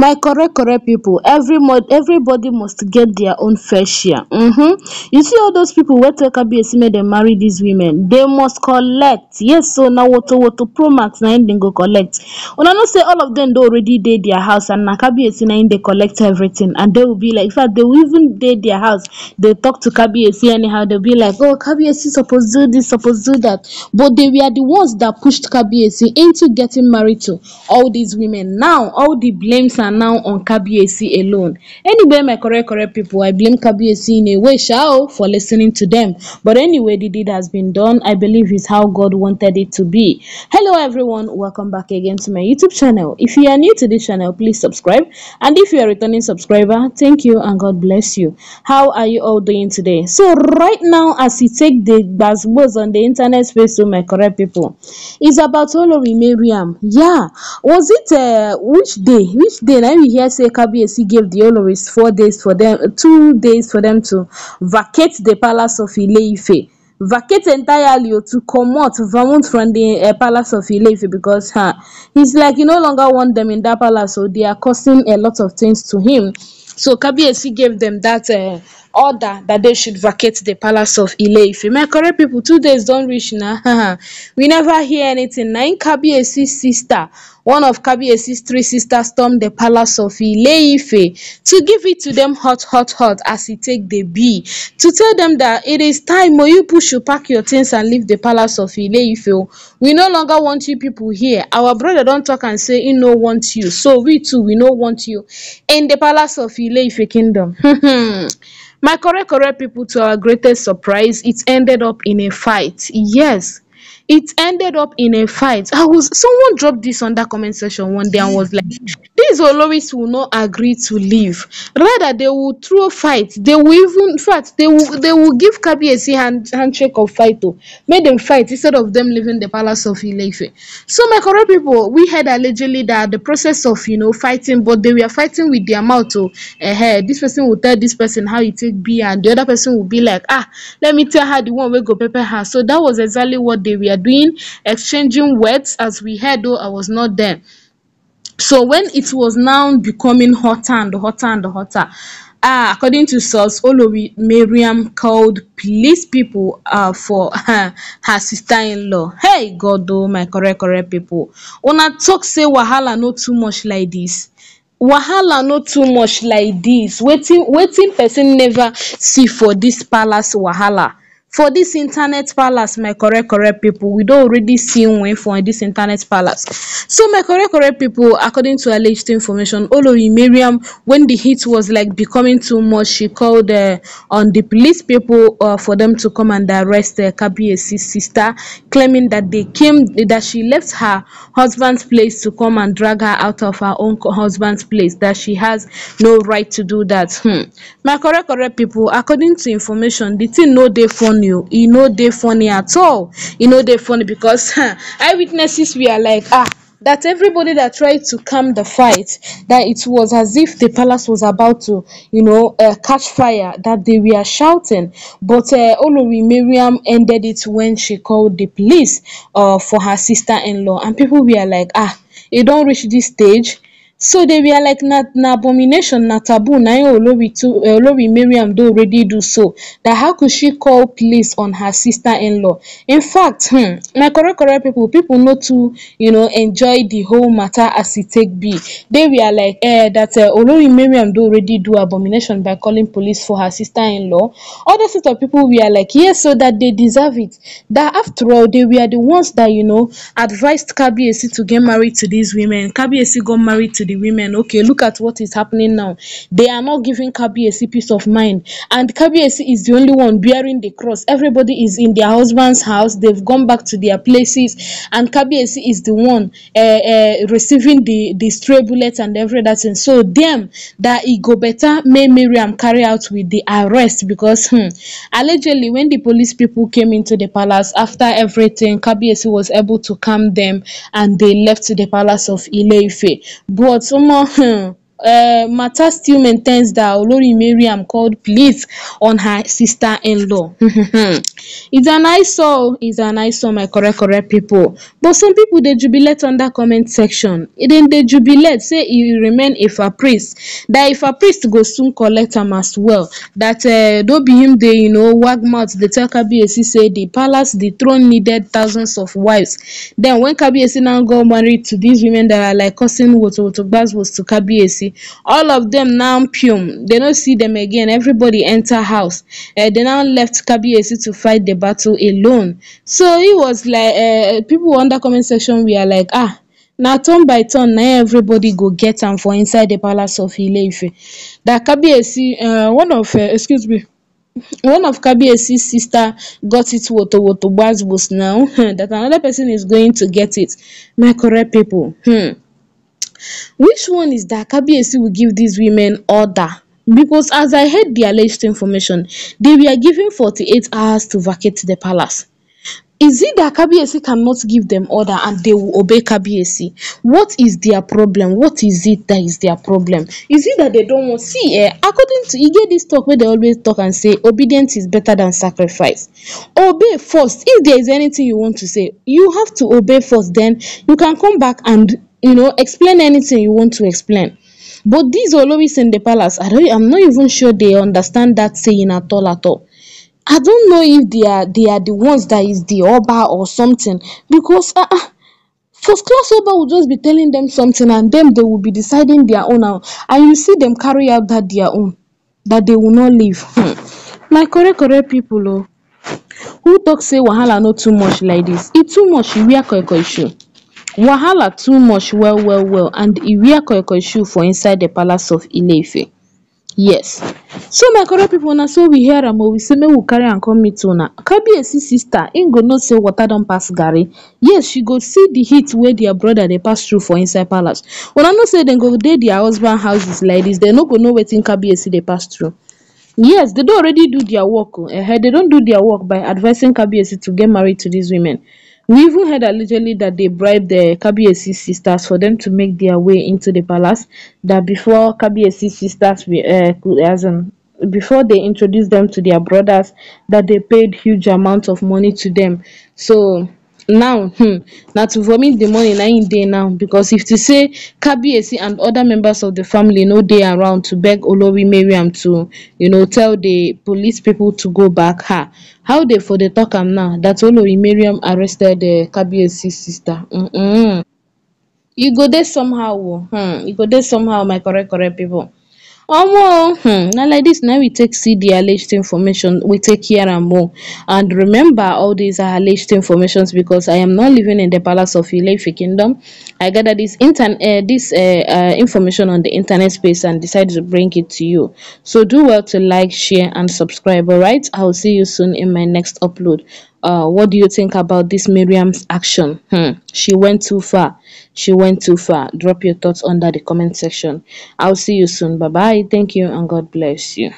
my correct correct people every everybody must get their own fair share mm-hmm. you see all those people wey tell kabiyesi made them marry these women they must collect yes so now what? What to Pro Max? Now they go collect I know say all of them don already did their house and now kabiyesi now they collect everything and they will be like in fact they will even did their house They talk to kabiyesi anyhow they'll be like oh supposed suppose do this suppose do that but they were the ones that pushed kabiyesi into getting married to all these women now all the blames and are now on KBAC alone. Anyway, my correct, correct people, I blame KBAC in a way, shall for listening to them. But anyway, the deed has been done. I believe it's how God wanted it to be. Hello, everyone. Welcome back again to my YouTube channel. If you are new to this channel, please subscribe. And if you are a returning subscriber, thank you and God bless you. How are you all doing today? So right now, as you take the buzzwords on the internet space to my correct people, it's about Olori Miriam. Yeah. Was it uh, which day? Which day? again i hear say kabiyesi gave the oloris four days for them two days for them to vacate the palace of ileife vacate entirely or to comot vermont from the uh, palace of ileife because huh, he's like he no longer want them in that palace so they are costing a lot of things to him so Kabiyesi gave them that uh, order that they should vacate the palace of ileife my correct people two days don't reach now we never hear anything nine im sister one of kabiyesi's three sisters stormed the palace of ileife to give it to them hot hot hot as e take the bee to tell them that it is time o you people should pack your things and leave the palace of ileife we no longer want you people here our brother don't talk and say he no want you so we too we no want you in the palace of ileife kingdom my correct correct people to our greatest surprise it ended up in a fight yes it ended up in a fight i was someone dropped this on that comment section one day and was like these oloris will not agree to leave rather they will throw fight they will even in fact they will they will give kabiesi hand handshake of fight to oh. make them fight instead of them leaving the palace of ilefe so my correct people we heard allegedly that the process of you know fighting but they were fighting with their mouth to uh, this person will tell this person how you take be and the other person will be like ah let me tell her the one way go paper her so that was exactly what they were doing exchanging words as we heard though i was not there so when it was now becoming hotter and hotter and hotter uh, according to source Olowi Miriam called police people uh, for uh, her sister-in-law hey god oh my correct correct people i talk say wahala no too much like this wahala no too much like this waiting waiting person never see for this palace wahala for this internet palace my correct correct people, we don't already see win for this internet palace so my correct correct people, according to alleged information olori Miriam, when the heat was like becoming too much she called uh, on the police people uh, for them to come and arrest uh, kabiesi's sister claiming that they came that she left her husband's place to come and drag her out of her own husband's place that she has no right to do that hmm. my correct correct people, according to information the thing no they found warn you oh. know, they funny at all You know, they funny because eyewitnesses are like ah that everybody that tried to calm the fight that it was as if the palace was about to you know uh, catch fire that they were shouting but uh, olori miriam ended it when she called the police uh, for her sister-in-law and people were like ah it don't reach this stage so they were like na na abomination na taboo na im olori olori miriam do already do so That how could she call police on her sister-in-law? In fact, hmm, my people, people pipo to you know enjoy the whole matter as it take be they were like eh, that eh, olori miriam do already do abomination by calling police for her sister-in-law. Other sort of we were like yes so that they deserve it That after all they were the ones that you know advised kabiyesi to get married to these women kabiyesi got married to the women okay look at what is happening now they are not giving kbac peace of mind and kbac is the only one bearing the cross everybody is in their husband's house they've gone back to their places and kbac is the one uh, uh, receiving the the stray bullets and everything so them that it go better may miriam carry out with the arrest because hmm, allegedly when the police people came into the palace after everything kbac was able to calm them and they left the palace of ileife but 什么？哼。Uh, Mata still maintains that olori Miriam called police on her sister-in-law. it's an soul. it's an soul, my correct correct people but some people they jubilate on that comment section Then they jubilate say you remain a priest that if a priest go soon collect him as well that don't uh, be him They you know wag mouth dey tell said say the palace the throne needed thousands of wives then when kabiyesi now got married to these women that are like cousin what, was to kabiyesi all of them now they do no see them again everybody enter house um they now left kabiyesi to fight the battle alone so it was like people eh, people under comment section We are like ah Now turn by turn Now everybody go get them for inside the palace of Ileife. that kabiyesi eh, one of excuse me one of Kabiyesi's sister got it woto woto was now that another person is going to get it my correct people hmm which one is that Kabiyesi will give these women order? Because as I heard the alleged information, they were given 48 hours to vacate the palace. Is it that Kabiyesi cannot give them order and they will obey Kabiyesi? What is their problem? What is it that is their problem? Is it that they don't want see eh? According to you get this talk where they always talk and say obedience is better than sacrifice. Obey first. If there is anything you want to say, you have to obey first, then you can come back and you know explain anything you want to explain but these oloris in the palace i don't i'm not even sure they understand that saying at all at all i don't know if they are they are the ones that is the oba or something because uh, uh first class oba will just be telling them something and then they will be deciding their own and you see them carry out that their own that they will not leave hmm. my correct correct people oh who talk say wahala not too much like this e too much e wear koi koi shoe wahala too much well well well and e wear koikoi shoe for inside the palace of Ilefe. Yes. So my correct people, now, so we hear am we say me we carry and come meet una. Kabiyesi sister, im go know say water don pass gary Yes, she go see the heat where their brother they pass through for inside palace. When I know say they go dey their husband houses like this, they no go know waiting Kabiyesi they pass through. Yes, they do already do their work. Uh, eh they eh, don't do their work by advising Kabiyesi to get married to these women. We even heard allegedly that they bribed the KBSC sisters for them to make their way into the palace. That before KBSC sisters, uh, as in, before they introduced them to their brothers, that they paid huge amounts of money to them. So now now hmm, na to vomit the money na day dey now because if to say kabiyesi and oda members of di family no dey around to beg olori mariam to you know tell di police pipo to go back um how dey for dey talk am now dat olori mariam arrested um eh, kabiyesi sister You go dey somehow o oh, hmm, go dey somehow my correct correct pipo omo um hmm, now like this, now we take see the alleged information we take here and more, oh. and remember all these are alleged informations because i am not living in the palace of ilefi kingdom i gather this intern uh, this uh, uh, information on the internet space and decided to bring it to you so do well to like share and subscribe all right i'll see you soon in my next upload uh, what do you think about this Miriam's action? Hmm. She went too far. She went too far. Drop your thoughts under the comment section. I'll see you soon. Bye bye. Thank you and God bless you.